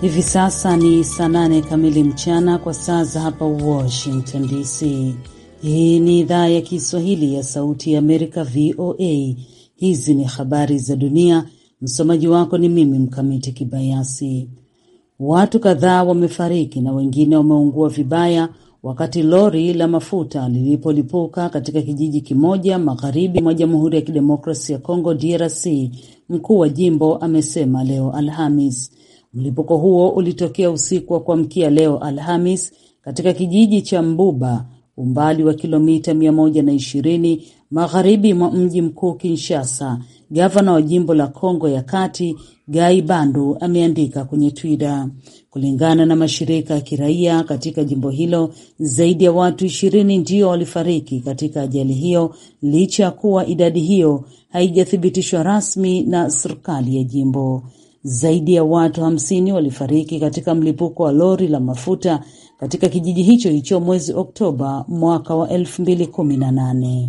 Hivi sasa ni saa nane kamili mchana kwa saa za hapa Washington DC. Hii ni idhaa ya Kiswahili ya Sauti ya Amerika, VOA. Hizi ni habari za dunia. Msomaji wako ni mimi Mkamiti Kibayasi. Watu kadhaa wamefariki na wengine wameungua vibaya wakati lori la mafuta lilipolipuka katika kijiji kimoja magharibi mwa Jamhuri ya Kidemokrasi ya Kongo, DRC. Mkuu wa jimbo amesema leo Alhamis Mlipuko huo ulitokea usiku wa kuamkia leo Alhamis katika kijiji cha Mbuba umbali wa kilomita 120 magharibi mwa mji mkuu Kinshasa. Gavana wa jimbo la Kongo ya Kati Gai Bandu ameandika kwenye Twitter. Kulingana na mashirika ya kiraia katika jimbo hilo, zaidi ya watu ishirini ndio walifariki katika ajali hiyo, licha ya kuwa idadi hiyo haijathibitishwa rasmi na serikali ya jimbo. Zaidi ya watu hamsini walifariki katika mlipuko wa lori la mafuta katika kijiji hicho hicho mwezi Oktoba mwaka wa 2018.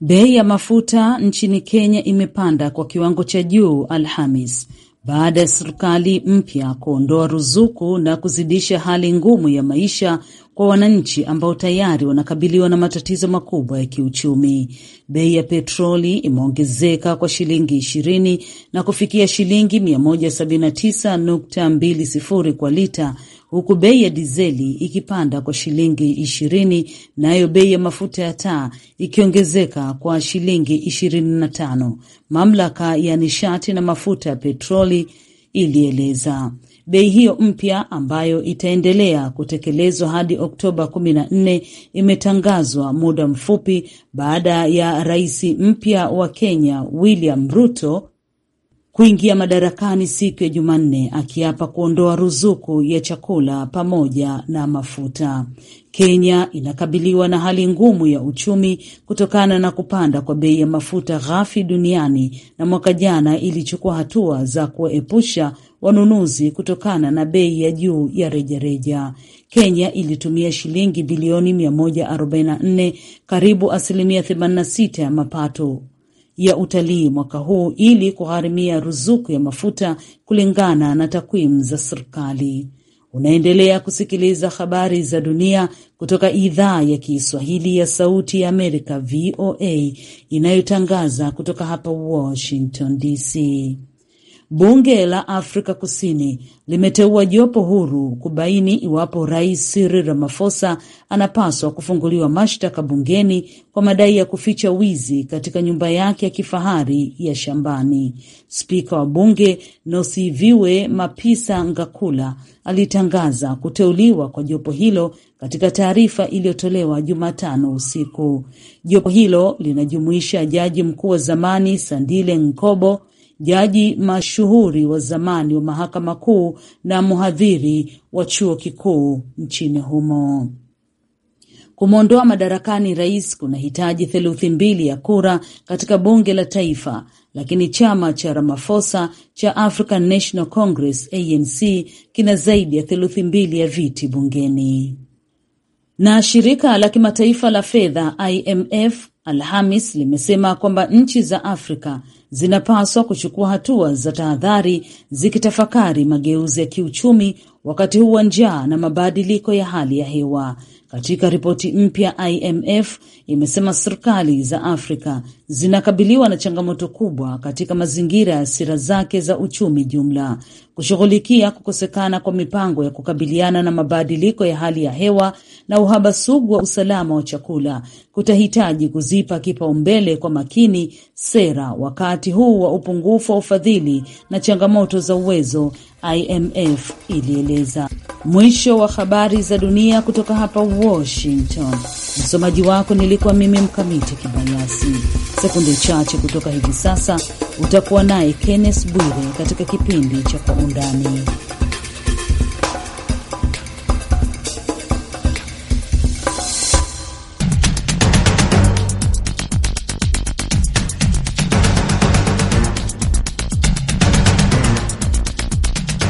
Bei ya mafuta nchini Kenya imepanda kwa kiwango cha juu Alhamis baada ya serikali mpya kuondoa ruzuku na kuzidisha hali ngumu ya maisha kwa wananchi ambao tayari wanakabiliwa na matatizo makubwa ya kiuchumi. Bei ya petroli imeongezeka kwa shilingi 20 na kufikia shilingi 179.20 kwa lita, huku bei ya dizeli ikipanda kwa shilingi 20, nayo bei ya mafuta ya taa ikiongezeka kwa shilingi 25, mamlaka ya nishati na mafuta ya petroli ilieleza. Bei hiyo mpya ambayo itaendelea kutekelezwa hadi Oktoba 14 imetangazwa muda mfupi baada ya rais mpya wa Kenya William Ruto kuingia madarakani siku ya Jumanne akiapa kuondoa ruzuku ya chakula pamoja na mafuta. Kenya inakabiliwa na hali ngumu ya uchumi kutokana na kupanda kwa bei ya mafuta ghafi duniani, na mwaka jana ilichukua hatua za kuwaepusha wanunuzi kutokana na bei ya juu ya rejareja. Kenya ilitumia shilingi bilioni 144, karibu asilimia 86 ya mapato ya utalii mwaka huu ili kugharimia ruzuku ya mafuta kulingana na takwimu za serikali. Unaendelea kusikiliza habari za dunia kutoka idhaa ya Kiswahili ya Sauti ya Amerika, VOA, inayotangaza kutoka hapa Washington DC. Bunge la Afrika Kusini limeteua jopo huru kubaini iwapo Rais Cyril Ramaphosa anapaswa kufunguliwa mashtaka bungeni kwa madai ya kuficha wizi katika nyumba yake ya kifahari ya shambani. Spika wa bunge Nosiviwe Mapisa Ngakula alitangaza kuteuliwa kwa jopo hilo katika taarifa iliyotolewa Jumatano usiku. Jopo hilo linajumuisha jaji mkuu wa zamani Sandile Nkobo, jaji mashuhuri wa zamani wa mahakama kuu na mhadhiri wa chuo kikuu nchini humo. Kumwondoa madarakani rais kunahitaji theluthi mbili ya kura katika bunge la taifa, lakini chama cha Ramaphosa cha African National Congress ANC kina zaidi ya theluthi mbili ya viti bungeni. Na shirika la kimataifa la fedha IMF Alhamis limesema kwamba nchi za Afrika zinapaswa kuchukua hatua za tahadhari zikitafakari mageuzi ya kiuchumi wakati huu wa njaa na mabadiliko ya hali ya hewa. Katika ripoti mpya, IMF imesema serikali za Afrika zinakabiliwa na changamoto kubwa katika mazingira ya sera zake za uchumi jumla kushughulikia kukosekana kwa mipango ya kukabiliana na mabadiliko ya hali ya hewa na uhaba sugu wa usalama wa chakula kutahitaji kuzipa kipaumbele kwa makini sera wakati huu wa upungufu wa ufadhili na changamoto za uwezo, IMF ilieleza. Mwisho wa habari za dunia kutoka hapa Washington. Msomaji wako nilikuwa mimi Mkamiti Kibayasi. Sekunde chache kutoka hivi sasa Utakuwa naye Kenneth Bwire katika kipindi cha Kwa Undani.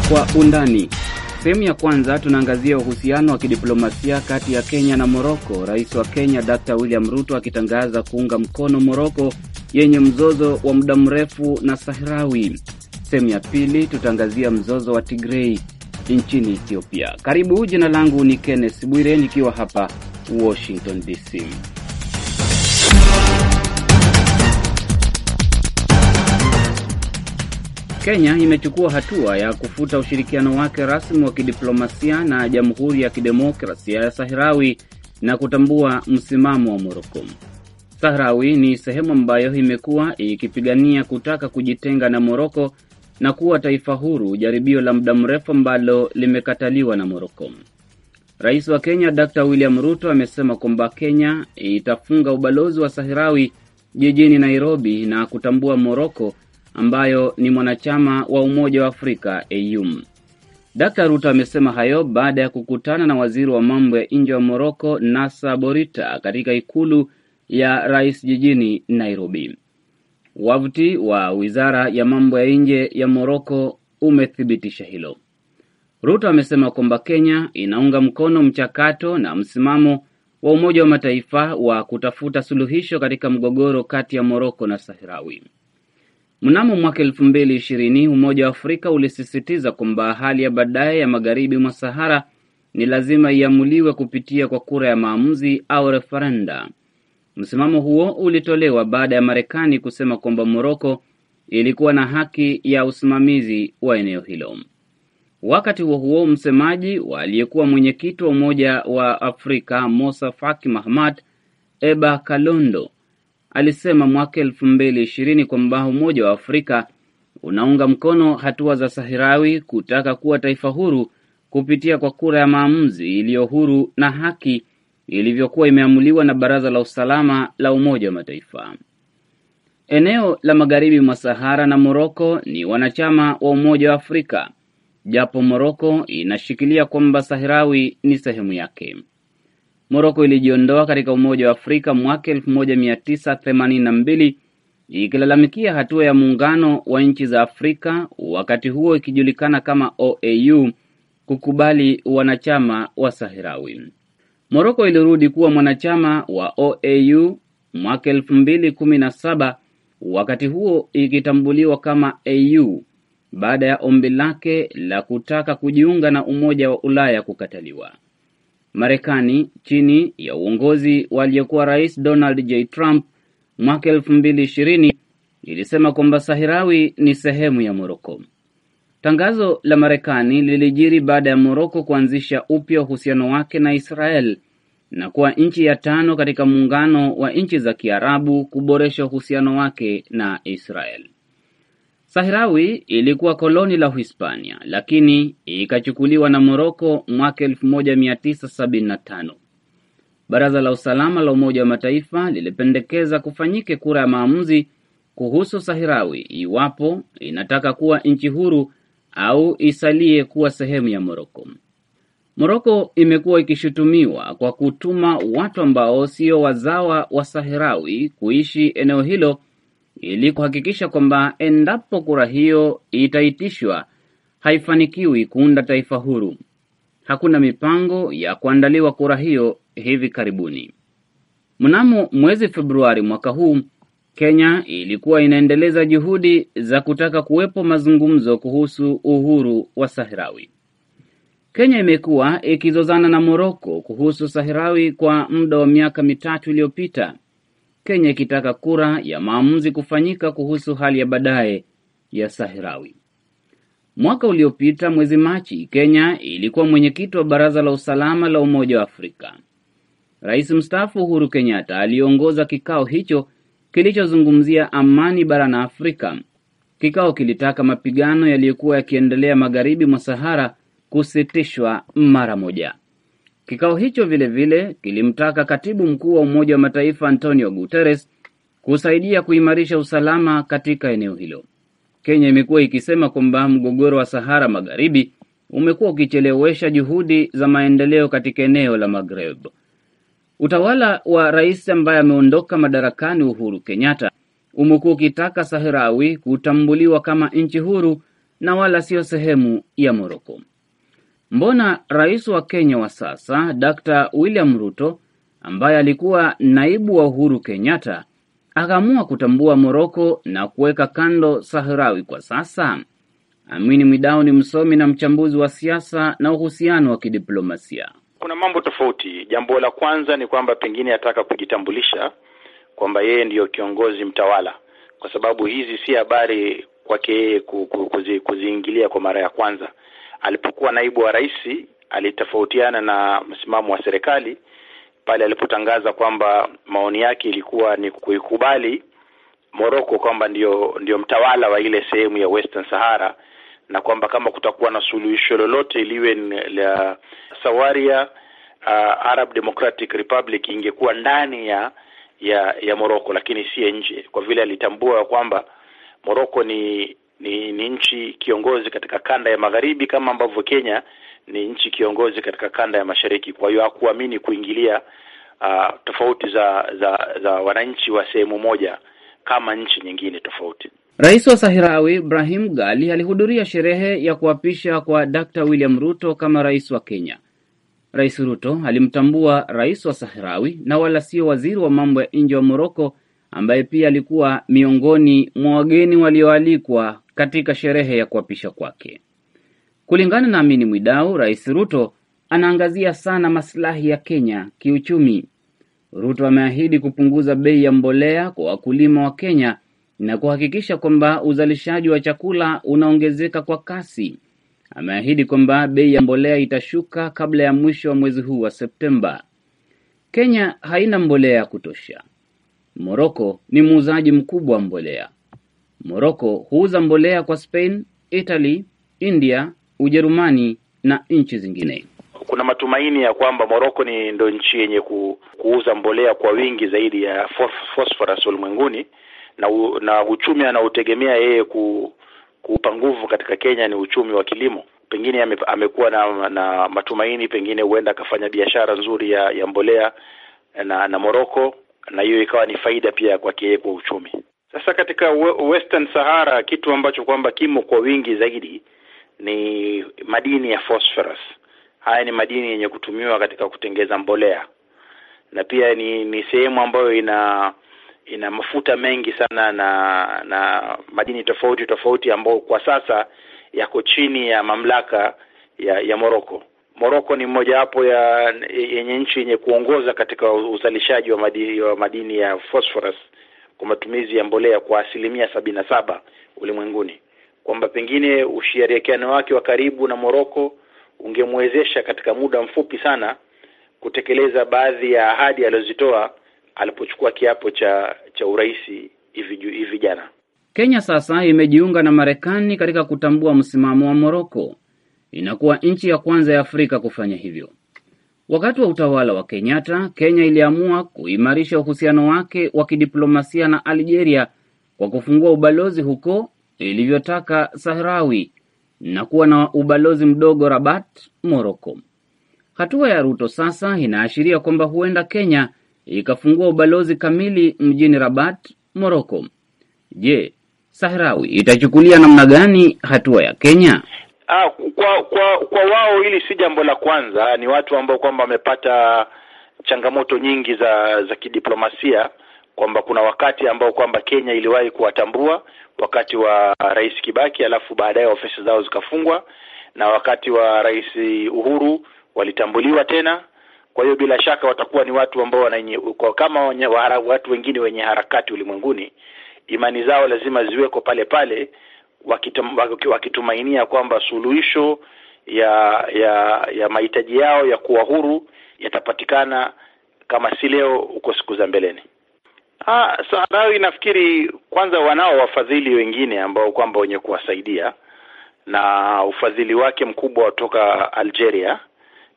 Kwa Undani. Sehemu ya kwanza tunaangazia uhusiano wa kidiplomasia kati ya Kenya na Moroko, rais wa Kenya Dr William Ruto akitangaza kuunga mkono Moroko yenye mzozo wa muda mrefu na Sahrawi. Sehemu ya pili tutaangazia mzozo wa Tigrei nchini Ethiopia. Karibu, jina langu ni Kenneth Bwire nikiwa hapa Washington DC. Kenya imechukua hatua ya kufuta ushirikiano wake rasmi wa kidiplomasia na Jamhuri ya Kidemokrasia ya Sahrawi na kutambua msimamo wa Moroko. Sahrawi ni sehemu ambayo imekuwa ikipigania kutaka kujitenga na Moroko na kuwa taifa huru, jaribio la muda mrefu ambalo limekataliwa na Moroko. Rais wa Kenya Dr William Ruto amesema kwamba Kenya itafunga ubalozi wa Sahrawi jijini Nairobi na kutambua Moroko ambayo ni mwanachama wa Umoja wa Afrika AU. Dr Ruto amesema hayo baada ya kukutana na waziri wa mambo ya nje wa Moroko Nasa Borita katika ikulu ya rais jijini Nairobi. Wavuti wa wizara ya mambo ya nje ya Moroko umethibitisha hilo. Ruto amesema kwamba Kenya inaunga mkono mchakato na msimamo wa Umoja wa Mataifa wa kutafuta suluhisho katika mgogoro kati ya Moroko na Sahrawi. Mnamo mwaka elfu mbili ishirini Umoja wa Afrika ulisisitiza kwamba hali ya baadaye ya magharibi mwa Sahara ni lazima iamuliwe kupitia kwa kura ya maamuzi au referenda. Msimamo huo ulitolewa baada ya Marekani kusema kwamba Moroko ilikuwa na haki ya usimamizi wa eneo hilo. Wakati huo huo, msemaji wa aliyekuwa mwenyekiti wa Umoja wa Afrika Mosa Faki Mahamat Eba Kalondo alisema mwaka elfu mbili ishirini kwamba Umoja wa Afrika unaunga mkono hatua za Sahirawi kutaka kuwa taifa huru kupitia kwa kura ya maamuzi iliyo huru na haki ilivyokuwa imeamuliwa na Baraza la Usalama la Umoja wa Mataifa. Eneo la magharibi mwa Sahara na Moroko ni wanachama wa Umoja wa Afrika, japo Moroko inashikilia kwamba Sahrawi ni sehemu yake. Moroko ilijiondoa katika Umoja wa Afrika mwaka 1982 ikilalamikia hatua ya muungano wa nchi za Afrika, wakati huo ikijulikana kama OAU, kukubali wanachama wa Sahrawi. Moroko ilirudi kuwa mwanachama wa OAU mwaka elfu mbili kumi na saba wakati huo ikitambuliwa kama AU baada ya ombi lake la kutaka kujiunga na Umoja wa Ulaya kukataliwa. Marekani chini ya uongozi wa aliyekuwa Rais Donald J. Trump mwaka elfu mbili ishirini ilisema kwamba Sahirawi ni sehemu ya Moroko. Tangazo la Marekani lilijiri baada ya Moroko kuanzisha upya uhusiano wake na Israel na kuwa nchi ya tano katika muungano wa nchi za Kiarabu kuboresha uhusiano wake na Israel. Sahrawi ilikuwa koloni la Uhispania lakini ikachukuliwa na Moroko mwaka 1975. Baraza la Usalama la Umoja wa Mataifa lilipendekeza kufanyike kura ya maamuzi kuhusu Sahrawi iwapo inataka kuwa nchi huru au isalie kuwa sehemu ya Moroko. Moroko imekuwa ikishutumiwa kwa kutuma watu ambao sio wazawa wa Sahrawi kuishi eneo hilo ili kuhakikisha kwamba endapo kura hiyo itaitishwa haifanikiwi kuunda taifa huru. Hakuna mipango ya kuandaliwa kura hiyo hivi karibuni. Mnamo mwezi Februari mwaka huu Kenya ilikuwa inaendeleza juhudi za kutaka kuwepo mazungumzo kuhusu uhuru wa Sahrawi. Kenya imekuwa ikizozana na Moroko kuhusu Sahrawi kwa muda wa miaka mitatu iliyopita, Kenya ikitaka kura ya maamuzi kufanyika kuhusu hali ya baadaye ya Sahrawi. Mwaka uliopita mwezi Machi, Kenya ilikuwa mwenyekiti wa Baraza la Usalama la Umoja wa Afrika. Rais mstaafu Uhuru Kenyatta aliongoza kikao hicho kilichozungumzia amani barani Afrika. Kikao kilitaka mapigano yaliyokuwa yakiendelea magharibi mwa Sahara kusitishwa mara moja. Kikao hicho vilevile vile, kilimtaka katibu mkuu wa Umoja wa Mataifa Antonio Guterres kusaidia kuimarisha usalama katika eneo hilo. Kenya imekuwa ikisema kwamba mgogoro wa Sahara Magharibi umekuwa ukichelewesha juhudi za maendeleo katika eneo la Maghreb. Utawala wa rais ambaye ameondoka madarakani Uhuru Kenyatta umekuwa ukitaka sahirawi kutambuliwa kama nchi huru na wala siyo sehemu ya Moroko. Mbona rais wa Kenya wa sasa Dr. William Ruto ambaye alikuwa naibu wa Uhuru Kenyatta akaamua kutambua Moroko na kuweka kando saharawi kwa sasa? Amini Midao ni msomi na mchambuzi wa siasa na uhusiano wa kidiplomasia. Kuna mambo tofauti. Jambo la kwanza ni kwamba pengine ataka kujitambulisha kwamba yeye ndiyo kiongozi mtawala, kwa sababu hizi si habari kwake yeye kuziingilia kwa mara ya kwanza. Alipokuwa naibu wa rais, alitofautiana na msimamo wa serikali pale alipotangaza kwamba maoni yake ilikuwa ni kuikubali Moroko kwamba ndiyo, ndio mtawala wa ile sehemu ya Western Sahara na kwamba kama kutakuwa na suluhisho lolote iliwe la Sawaria, uh, Arab Democratic Republic ingekuwa ndani ya ya ya Morocco, lakini si nje, kwa vile alitambua kwamba Morocco ni ni, ni nchi kiongozi katika kanda ya magharibi kama ambavyo Kenya ni nchi kiongozi katika kanda ya mashariki. Kwa hiyo hakuamini kuingilia uh, tofauti za za za wananchi wa sehemu moja kama nchi nyingine tofauti. Rais wa sahirawi Ibrahim Gali alihudhuria sherehe ya kuapisha kwa Dkt William Ruto kama rais wa Kenya. Rais Ruto alimtambua rais wa sahirawi na wala sio waziri wa mambo ya nje wa Moroko, ambaye pia alikuwa miongoni mwa wageni walioalikwa katika sherehe ya kuapisha kwake. Kulingana na Amini Mwidau, Rais Ruto anaangazia sana maslahi ya Kenya kiuchumi. Ruto ameahidi kupunguza bei ya mbolea kwa wakulima wa Kenya na kuhakikisha kwamba uzalishaji wa chakula unaongezeka kwa kasi. Ameahidi kwamba bei ya mbolea itashuka kabla ya mwisho wa mwezi huu wa Septemba. Kenya haina mbolea ya kutosha. Moroko ni muuzaji mkubwa wa mbolea. Moroko huuza mbolea kwa Spain, Italy, India, Ujerumani na nchi zingine. Kuna matumaini ya kwamba Moroko ni ndo nchi yenye ku, kuuza mbolea kwa wingi zaidi ya phosphorus ulimwenguni na, u, na uchumi anaotegemea yeye ku, kuupa nguvu katika Kenya ni uchumi wa kilimo. Pengine ame, amekuwa na, na matumaini pengine huenda akafanya biashara nzuri ya, ya mbolea na na Moroko na hiyo ikawa ni faida pia kwake yeye kwa uchumi. Sasa katika Western Sahara kitu ambacho kwamba kimo kwa wingi zaidi ni madini ya phosphorus. Haya ni madini yenye kutumiwa katika kutengeza mbolea na pia ni, ni sehemu ambayo ina ina mafuta mengi sana na na madini tofauti tofauti ambayo kwa sasa yako chini ya mamlaka ya ya Moroko. Moroko ni mmojawapo ya yenye nchi yenye kuongoza katika uzalishaji wa madini, wa madini ya phosphorus kwa matumizi ya mbolea kwa asilimia sabini na saba ulimwenguni, kwamba pengine ushirikiano wake wa karibu na Moroko ungemwezesha katika muda mfupi sana kutekeleza baadhi ya ahadi alizozitoa alipochukua kiapo cha cha urais hivi jana. Kenya sasa imejiunga na Marekani katika kutambua msimamo wa Moroko. Inakuwa nchi ya kwanza ya Afrika kufanya hivyo. Wakati wa utawala wa Kenyatta, Kenya iliamua kuimarisha uhusiano wake wa kidiplomasia na Algeria kwa kufungua ubalozi huko ilivyotaka Sahrawi na kuwa na ubalozi mdogo Rabat, Moroko. Hatua ya Ruto sasa inaashiria kwamba huenda Kenya ikafungua ubalozi kamili mjini Rabat, Morocco. Je, Sahrawi itachukulia namna gani hatua ya Kenya? Ah, kwa kwa kwa wao hili si jambo la kwanza, ni watu ambao kwamba wamepata changamoto nyingi za za kidiplomasia kwamba kuna wakati ambao kwamba Kenya iliwahi kuwatambua wakati wa Rais Kibaki, alafu baadaye ofisi zao zikafungwa, na wakati wa Rais Uhuru walitambuliwa tena, kwa hiyo bila shaka watakuwa ni watu ambao kwa kama wanyewara, watu wengine wenye harakati ulimwenguni, imani zao lazima ziweko pale pale, wakitumainia kwamba suluhisho ya ya ya mahitaji yao ya kuwa huru yatapatikana kama si leo, huko siku za mbeleni. Ah, Sahrawi nafikiri kwanza wanao wafadhili wengine ambao kwamba wenye kuwasaidia na ufadhili wake mkubwa kutoka Algeria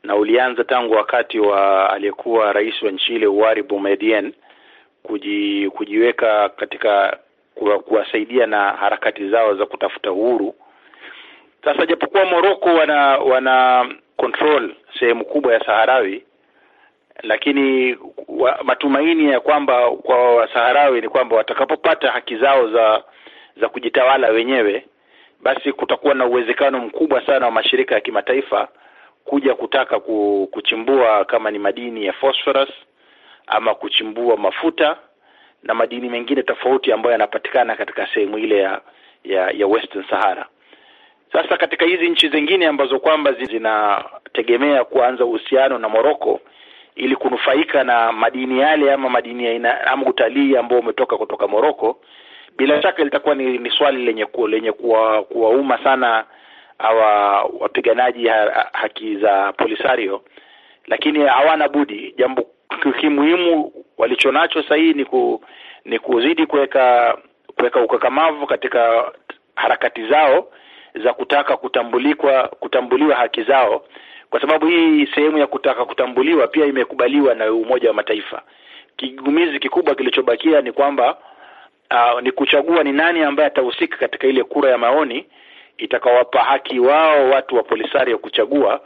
na ulianza tangu wakati wa aliyekuwa rais wa nchi ile Uwari Boumediene kuji, kujiweka katika kuwasaidia na harakati zao za kutafuta uhuru. Sasa japokuwa Morocco wana wana control sehemu kubwa ya Saharawi, lakini wa, matumaini ya kwamba kwa Wasaharawi ni kwamba watakapopata haki zao za za kujitawala wenyewe, basi kutakuwa na uwezekano mkubwa sana wa mashirika ya kimataifa kuja kutaka kuchimbua kama ni madini ya phosphorus ama kuchimbua mafuta na madini mengine tofauti ambayo yanapatikana katika sehemu ile ya, ya ya Western Sahara. Sasa katika hizi nchi zingine ambazo kwamba zinategemea kuanza uhusiano na Morocco ili kunufaika na madini yale ama madini aina ama utalii ambao umetoka kutoka Morocco, bila shaka litakuwa ni, ni swali lenye ku, lenye kuwauma kuwa sana hawa wapiganaji ha, haki za Polisario, lakini hawana budi. Jambo kimuhimu walichonacho sasa hii ni, ku, ni kuzidi kuweka kuweka ukakamavu katika harakati zao za kutaka kutambulikwa kutambuliwa haki zao, kwa sababu hii sehemu ya kutaka kutambuliwa pia imekubaliwa na Umoja wa Mataifa. Kigumizi kikubwa kilichobakia ni kwamba uh, ni kuchagua ni nani ambaye atahusika katika ile kura ya maoni itakawapa haki wao watu wa Polisario ya kuchagua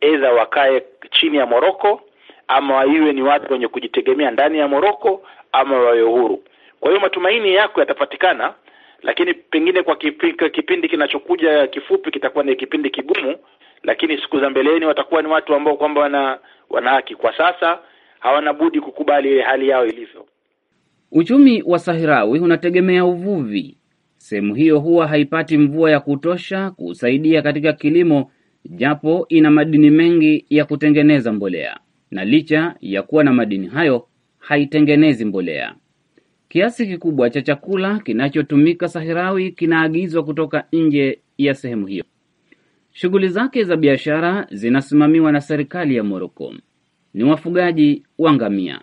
edha wakae chini ya Moroko ama iwe ni watu wenye kujitegemea ndani ya Moroko ama wawe uhuru. Kwa hiyo matumaini yako yatapatikana, lakini pengine kwa kipindi kinachokuja kifupi kitakuwa ni kipindi kigumu, lakini siku za mbeleni watakuwa ni watu ambao kwamba wana, wana haki. Kwa sasa hawana budi kukubali hali yao ilivyo. Uchumi wa Sahrawi unategemea uvuvi Sehemu hiyo huwa haipati mvua ya kutosha kusaidia katika kilimo, japo ina madini mengi ya kutengeneza mbolea, na licha ya kuwa na madini hayo haitengenezi mbolea. Kiasi kikubwa cha chakula kinachotumika sahirawi kinaagizwa kutoka nje ya sehemu hiyo. Shughuli zake za biashara zinasimamiwa na serikali ya Moroko. Ni wafugaji wa ngamia.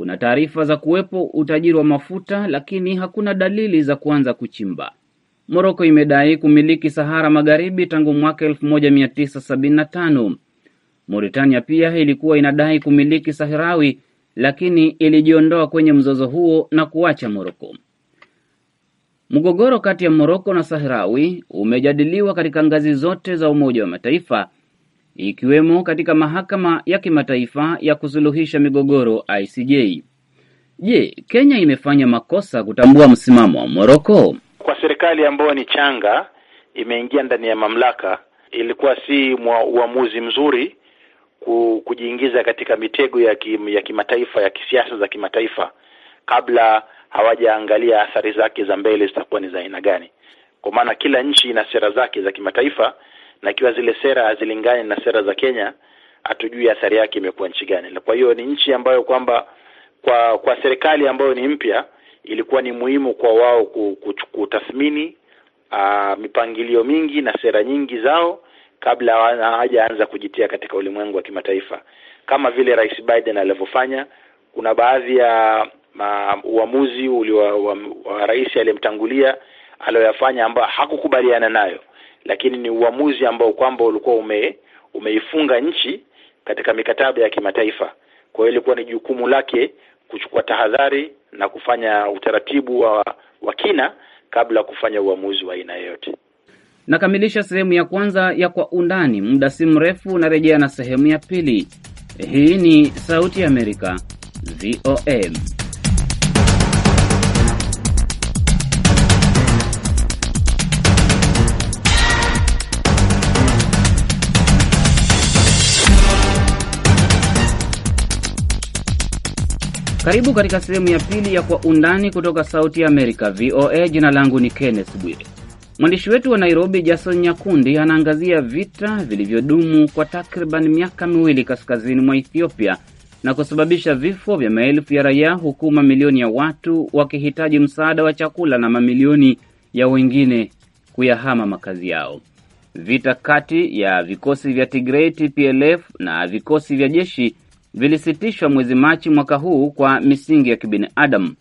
Kuna taarifa za kuwepo utajiri wa mafuta lakini hakuna dalili za kuanza kuchimba. Moroko imedai kumiliki Sahara Magharibi tangu mwaka 1975. Mauritania pia ilikuwa inadai kumiliki sahirawi lakini ilijiondoa kwenye mzozo huo na kuacha Moroko. Mgogoro kati ya Moroko na sahirawi umejadiliwa katika ngazi zote za Umoja wa Mataifa ikiwemo katika mahakama ya kimataifa ya kusuluhisha migogoro ICJ. Je, Kenya imefanya makosa kutambua msimamo wa Moroko? Kwa serikali ambayo ni changa imeingia ndani ya mamlaka, ilikuwa si mwa uamuzi mzuri kujiingiza katika mitego ya kim, ya kimataifa ya kisiasa za kimataifa kabla hawajaangalia athari zake za mbele zitakuwa ni za aina gani, kwa maana kila nchi ina sera zake za kimataifa na ikiwa zile sera hazilingani na sera za Kenya, hatujui athari yake imekuwa nchi gani. Kwa hiyo ni nchi ambayo kwamba kwa kwa serikali ambayo ni mpya, ilikuwa ni muhimu kwa wao kutathmini ah, mipangilio mingi na sera nyingi zao kabla hawajaanza kujitia katika ulimwengu wa kimataifa kama vile Rais Biden alivyofanya. Kuna baadhi ya ma, uamuzi ulio wa, wa, wa rais aliyemtangulia aliyoyafanya ambayo hakukubaliana nayo lakini ni uamuzi ambao kwamba ulikuwa ume, umeifunga nchi katika mikataba ya kimataifa. Kwa hiyo ilikuwa ni jukumu lake kuchukua tahadhari na kufanya utaratibu wa, wa kina kabla ya kufanya uamuzi wa aina yoyote. Nakamilisha sehemu ya kwanza ya Kwa Undani. Muda si mrefu unarejea na sehemu ya pili. Hii ni Sauti ya Amerika, VOA. Karibu katika sehemu ya pili ya Kwa Undani kutoka Sauti ya Amerika, VOA. Jina langu ni Kenneth Bwire. Mwandishi wetu wa Nairobi, Jason Nyakundi, anaangazia vita vilivyodumu kwa takriban miaka miwili kaskazini mwa Ethiopia na kusababisha vifo vya maelfu ya raia, huku mamilioni ya watu wakihitaji msaada wa chakula na mamilioni ya wengine kuyahama makazi yao. Vita kati ya vikosi vya Tigray TPLF na vikosi vya jeshi vilisitishwa mwezi Machi mwaka huu kwa misingi ya kibinadamu,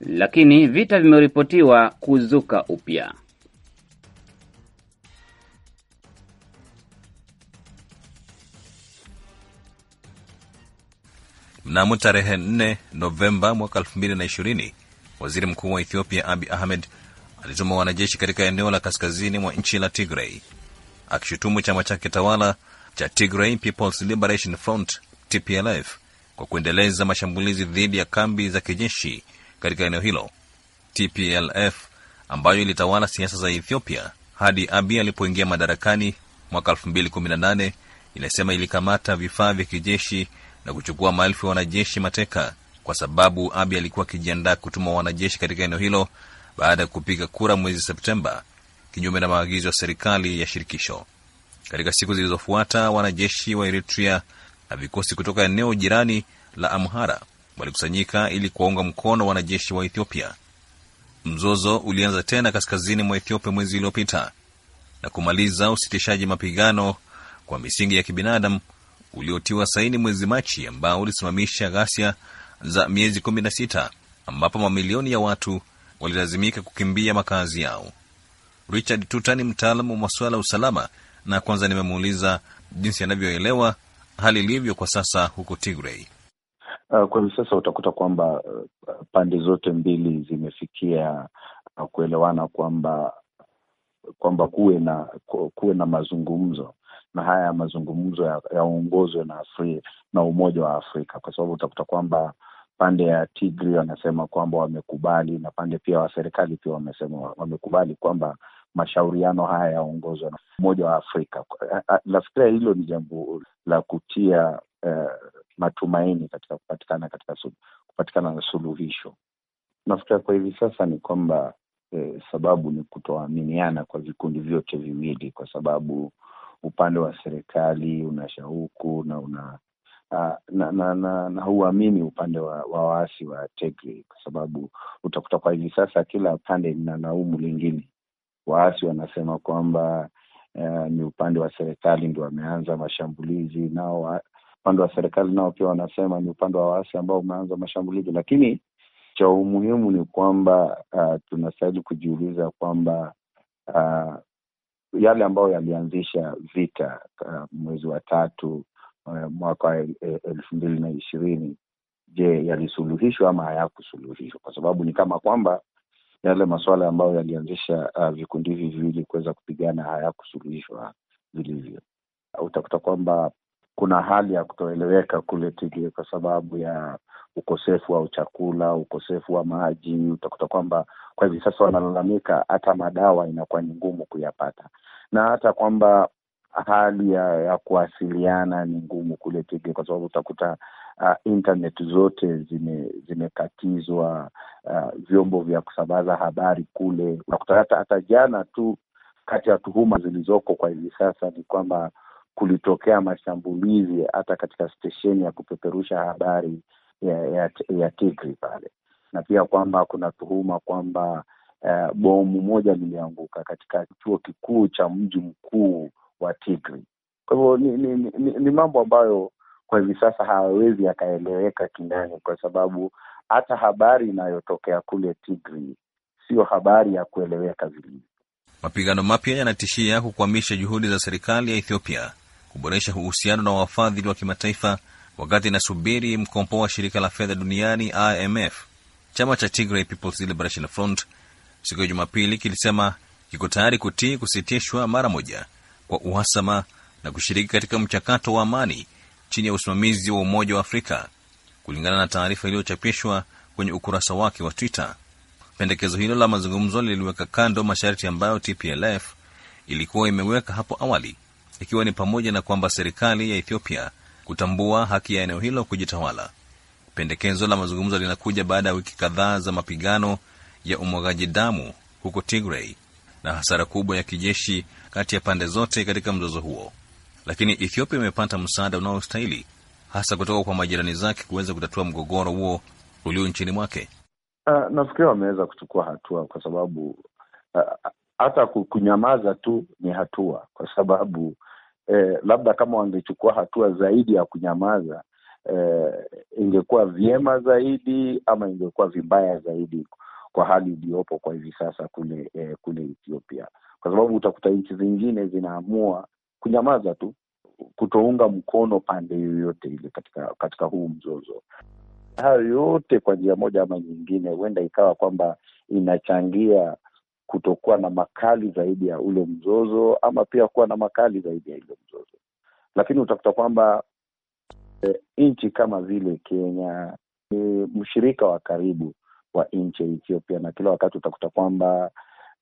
lakini vita vimeripotiwa kuzuka upya. Mnamo tarehe 4 Novemba mwaka 2020 waziri mkuu wa Ethiopia Abi Ahmed alituma wanajeshi katika eneo la kaskazini mwa nchi la Tigray akishutumu chama chake tawala cha Tigray People's Liberation Front TPLF kwa kuendeleza mashambulizi dhidi ya kambi za kijeshi katika eneo hilo. TPLF ambayo ilitawala siasa za Ethiopia hadi Abiy alipoingia madarakani mwaka 2018 inasema ilikamata vifaa vya kijeshi na kuchukua maelfu ya wanajeshi mateka, kwa sababu Abiy alikuwa akijiandaa kutuma wanajeshi katika eneo hilo baada ya kupiga kura mwezi Septemba kinyume na maagizo ya serikali ya shirikisho. Katika siku zilizofuata, wanajeshi wa Eritrea na vikosi kutoka eneo jirani la Amhara walikusanyika ili kuwaunga mkono wanajeshi wa Ethiopia. Mzozo ulianza tena kaskazini mwa Ethiopia mwezi uliopita na kumaliza usitishaji mapigano kwa misingi ya kibinadamu uliotiwa saini mwezi Machi, ambao ulisimamisha ghasia za miezi kumi na sita ambapo mamilioni ya watu walilazimika kukimbia makazi yao. Richard Tuta ni mtaalamu wa masuala ya usalama, na kwanza nimemuuliza jinsi anavyoelewa hali ilivyo kwa sasa huko Tigray? Uh, kwa hivi sasa utakuta kwamba uh, pande zote mbili zimefikia uh, kuelewana kwamba kwamba kuwe na kuwe na mazungumzo na haya mazungumzo yaongozwe ya na Afri, na Umoja wa Afrika, kwa sababu utakuta kwamba pande ya Tigray wanasema kwamba wamekubali, na pande pia wa serikali pia wamesema wamekubali kwamba mashauriano haya yaongozwa na Umoja wa Afrika. Nafikiria hilo ni jambo la kutia uh, matumaini katika kupatikana katika kupatikana na suluhisho. Nafikiria kwa hivi sasa ni kwamba eh, sababu ni kutoaminiana kwa vikundi vyote viwili, kwa sababu upande wa serikali una shauku na una na, na, na, na, na huamini upande wa waasi wa Tigray, kwa sababu utakuta kwa hivi sasa kila pande linalaumu lingine. Waasi wanasema kwamba uh, ni upande wa serikali ndio wameanza mashambulizi, nao upande wa serikali nao pia wanasema ni upande wa waasi ambao umeanza mashambulizi. Lakini cha umuhimu ni kwamba uh, tunastahili kujiuliza kwamba uh, yale ambayo yalianzisha vita uh, mwezi wa tatu uh, mwaka wa el, elfu mbili na ishirini je, yalisuluhishwa ama hayakusuluhishwa? Kwa sababu ni kama kwamba yale masuala ambayo yalianzisha uh, vikundi hivi viwili kuweza kupigana hayakusuluhishwa vilivyo. Utakuta kwamba kuna hali ya kutoeleweka kule Tigray kwa sababu ya ukosefu wa chakula, ukosefu wa maji. Utakuta kwamba kwa hivi sasa wanalalamika hata madawa inakuwa ni ngumu kuyapata, na hata kwamba hali ya, ya kuwasiliana ni ngumu kule Kigwe kwa sababu utakuta uh, internet zote zimekatizwa, zime uh, ah, vyombo vya kusambaza habari kule unakuta hata, hata jana tu kati ya tuhuma zilizoko kwa hivi sasa ni kwamba kulitokea mashambulizi hata katika stesheni ya kupeperusha habari ya, ya, ya Tigri pale, na pia kwamba kuna tuhuma kwamba uh, bomu moja lilianguka katika chuo kikuu cha mji mkuu wa Tigri. Kwa hivyo ni, ni, ni, ni, mambo ambayo kwa hivi sasa hayawezi yakaeleweka kindani, kwa sababu hata habari inayotokea kule Tigri siyo habari ya kueleweka vilivyo. Mapigano mapya yanatishia kukwamisha juhudi za serikali ya Ethiopia kuboresha uhusiano na wafadhili wa kimataifa wakati inasubiri mkopo wa shirika la fedha duniani IMF. Chama cha Tigray People's Liberation Front siku ya Jumapili kilisema kiko tayari kutii kusitishwa mara moja kwa uhasama na kushiriki katika mchakato wa amani chini ya usimamizi wa Umoja wa Afrika, kulingana na taarifa iliyochapishwa kwenye ukurasa wake wa Twitter. Pendekezo hilo la mazungumzo liliweka kando masharti ambayo TPLF ilikuwa imeweka hapo awali, ikiwa ni pamoja na kwamba serikali ya Ethiopia kutambua haki ya eneo hilo kujitawala. Pendekezo la mazungumzo linakuja baada ya wiki kadhaa za mapigano ya umwagaji damu huko Tigray na hasara kubwa ya kijeshi kati ya pande zote katika mzozo huo, lakini Ethiopia imepata msaada unaostahili hasa kutoka kwa majirani zake kuweza kutatua mgogoro huo ulio nchini mwake. Uh, nafikiri wameweza kuchukua hatua kwa sababu ah, hata uh, kunyamaza tu ni hatua, kwa sababu eh, labda kama wangechukua hatua zaidi ya kunyamaza eh, ingekuwa vyema zaidi ama ingekuwa vibaya zaidi kwa hali iliyopo kwa hivi sasa kule eh, kule Ethiopia, kwa sababu utakuta nchi zingine zinaamua kunyamaza tu, kutounga mkono pande yoyote ile katika katika huu mzozo. Hayo yote kwa njia moja ama nyingine, huenda ikawa kwamba inachangia kutokuwa na makali zaidi ya ule mzozo, ama pia kuwa na makali zaidi ya ile mzozo. Lakini utakuta kwamba eh, nchi kama vile Kenya ni mshirika wa karibu wa nchi ya Ethiopia, na kila wakati utakuta kwamba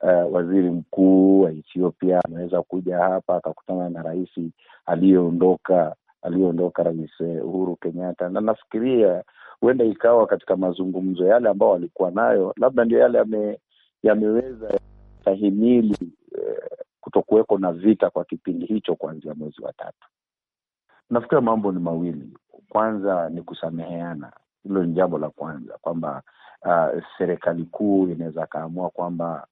uh, waziri mkuu wa Ethiopia anaweza kuja hapa akakutana na rais aliyeondoka aliyeondoka Rais eh, Uhuru Kenyatta, na nafikiria huenda ikawa katika mazungumzo yale ambao walikuwa nayo, labda ndio yale yame, yameweza stahimili eh, kutokuweko na vita kwa kipindi hicho kuanzia mwezi wa tatu. Nafikiri mambo ni mawili. Kwanza ni kusameheana, hilo ni jambo la kwanza, kwamba uh, serikali kuu inaweza kaamua kwamba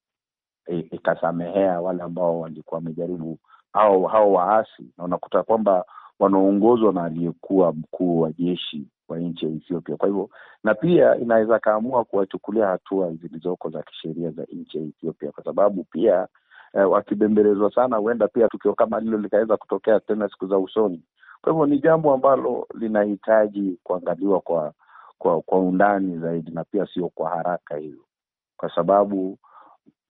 ikasamehea wale ambao walikuwa wamejaribu au hao waasi, na unakuta kwamba wanaongozwa na aliyekuwa mkuu wa jeshi wa nchi ya Ethiopia. Kwa hivyo, na pia inaweza kaamua kuwachukulia hatua zilizoko za kisheria za nchi ya Ethiopia, kwa sababu pia eh, wakibembelezwa sana, huenda pia tukio kama lilo likaweza kutokea tena siku za usoni. Kwa hivyo, ni jambo ambalo linahitaji kuangaliwa kwa kwa kwa undani zaidi na pia sio kwa haraka hivyo kwa sababu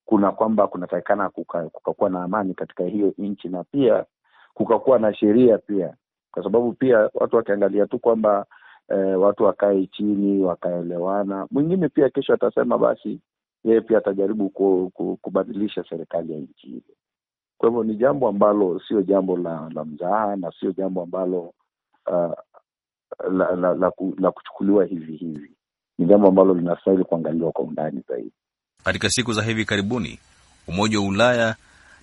kuna kwamba kunatakikana kukakuwa kuka na amani katika hiyo nchi na pia kukakuwa na sheria pia kwa sababu pia watu wakiangalia tu kwamba eh, watu wakae chini wakaelewana mwingine pia kesho atasema basi yeye pia atajaribu kubadilisha serikali ya nchi hile kwa hivyo ni jambo ambalo sio jambo la la mzaha na sio jambo ambalo uh, la, la, la, la kuchukuliwa hivi hivi. Ni jambo ambalo linastahili kuangaliwa kwa undani zaidi. Katika siku za hivi karibuni, Umoja wa Ulaya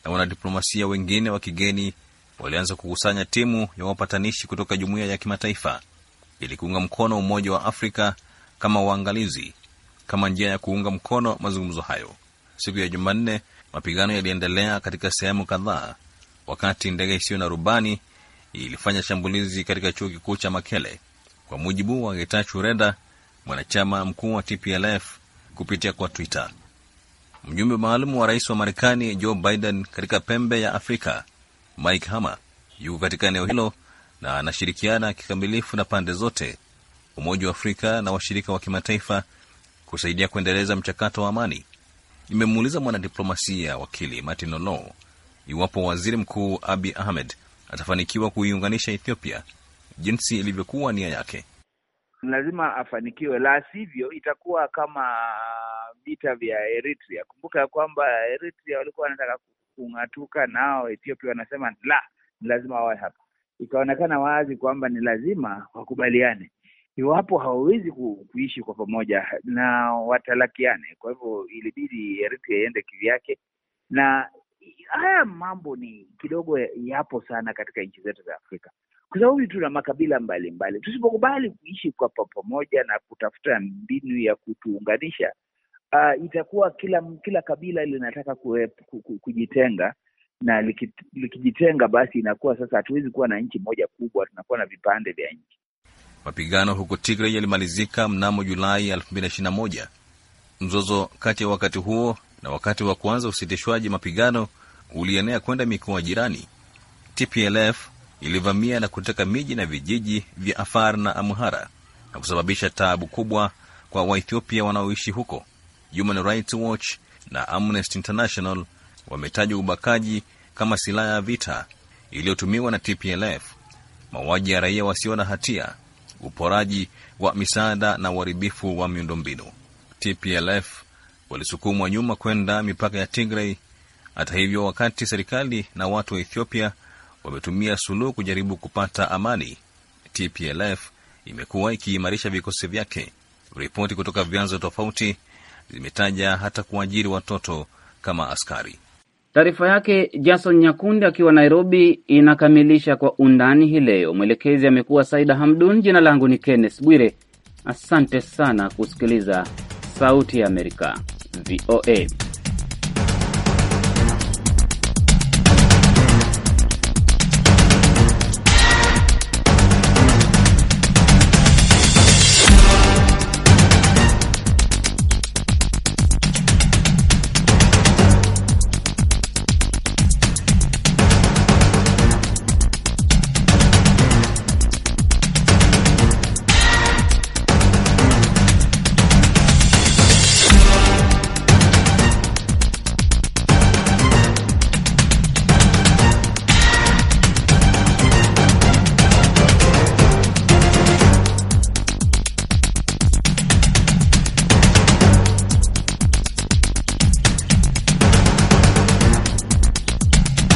na wanadiplomasia wengine wa kigeni walianza kukusanya timu ya wapatanishi kutoka jumuiya ya kimataifa ili kuunga mkono Umoja wa Afrika kama waangalizi, kama njia ya kuunga mkono mazungumzo hayo. Siku ya Jumanne, mapigano yaliendelea katika sehemu kadhaa, wakati ndege isiyo na rubani ilifanya shambulizi katika chuo kikuu cha Makele kwa mujibu wa Getachew Reda, mwanachama mkuu wa TPLF, kupitia kwa Twitter. Mjumbe maalum wa rais wa Marekani Joe Biden katika pembe ya Afrika Mike Hammer yuko katika eneo hilo na anashirikiana kikamilifu na pande zote, Umoja wa Afrika na washirika wa kimataifa kusaidia kuendeleza mchakato wa amani. Nimemuuliza mwanadiplomasia wakili Martin Olo iwapo waziri mkuu Abi Ahmed atafanikiwa kuiunganisha Ethiopia jinsi ilivyokuwa nia yake. Lazima afanikiwe, la sivyo itakuwa kama vita vya Eritrea. Kumbuka ya kwamba Eritrea walikuwa wanataka kung'atuka, nao Ethiopia wanasema la, ni lazima wawe hapa. Ikaonekana wazi kwamba ni lazima wakubaliane, iwapo hawawezi kuishi kwa pamoja na watalakiane. Kwa hivyo ilibidi Eritrea iende kivyake, na haya mambo ni kidogo yapo sana katika nchi zetu za Afrika kwa sababu tuna makabila mbalimbali. Tusipokubali kuishi kwa pamoja na kutafuta mbinu ya kutuunganisha, uh, itakuwa kila kila kabila linataka kue, ku, ku, kujitenga na liki, likijitenga, basi inakuwa sasa hatuwezi kuwa na nchi moja kubwa, tunakuwa na vipande vya nchi. Mapigano huko Tigray yalimalizika mnamo Julai 2021. Mzozo kati ya wakati huo na wakati wa kwanza usitishwaji mapigano ulienea kwenda mikoa jirani. TPLF ilivamia na kuteka miji na vijiji vya Afar na Amhara na kusababisha taabu kubwa kwa Waethiopia wanaoishi huko. Human Rights Watch na Amnesty International wametaja ubakaji kama silaha ya vita iliyotumiwa na TPLF, mauaji ya raia wasio na hatia, uporaji wa misaada na uharibifu wa miundombinu. TPLF walisukumwa nyuma kwenda mipaka ya Tigray. Hata hivyo, wakati serikali na watu wa Ethiopia wametumia Suluhu kujaribu kupata amani. TPLF imekuwa ikiimarisha vikosi vyake. Ripoti kutoka vyanzo tofauti zimetaja hata kuajiri watoto kama askari. Taarifa yake Jason Nyakundi akiwa Nairobi inakamilisha kwa undani hii leo. Mwelekezi amekuwa Saida Hamdun. Jina langu ni Kenneth Bwire. Asante sana kusikiliza Sauti ya Amerika, VOA.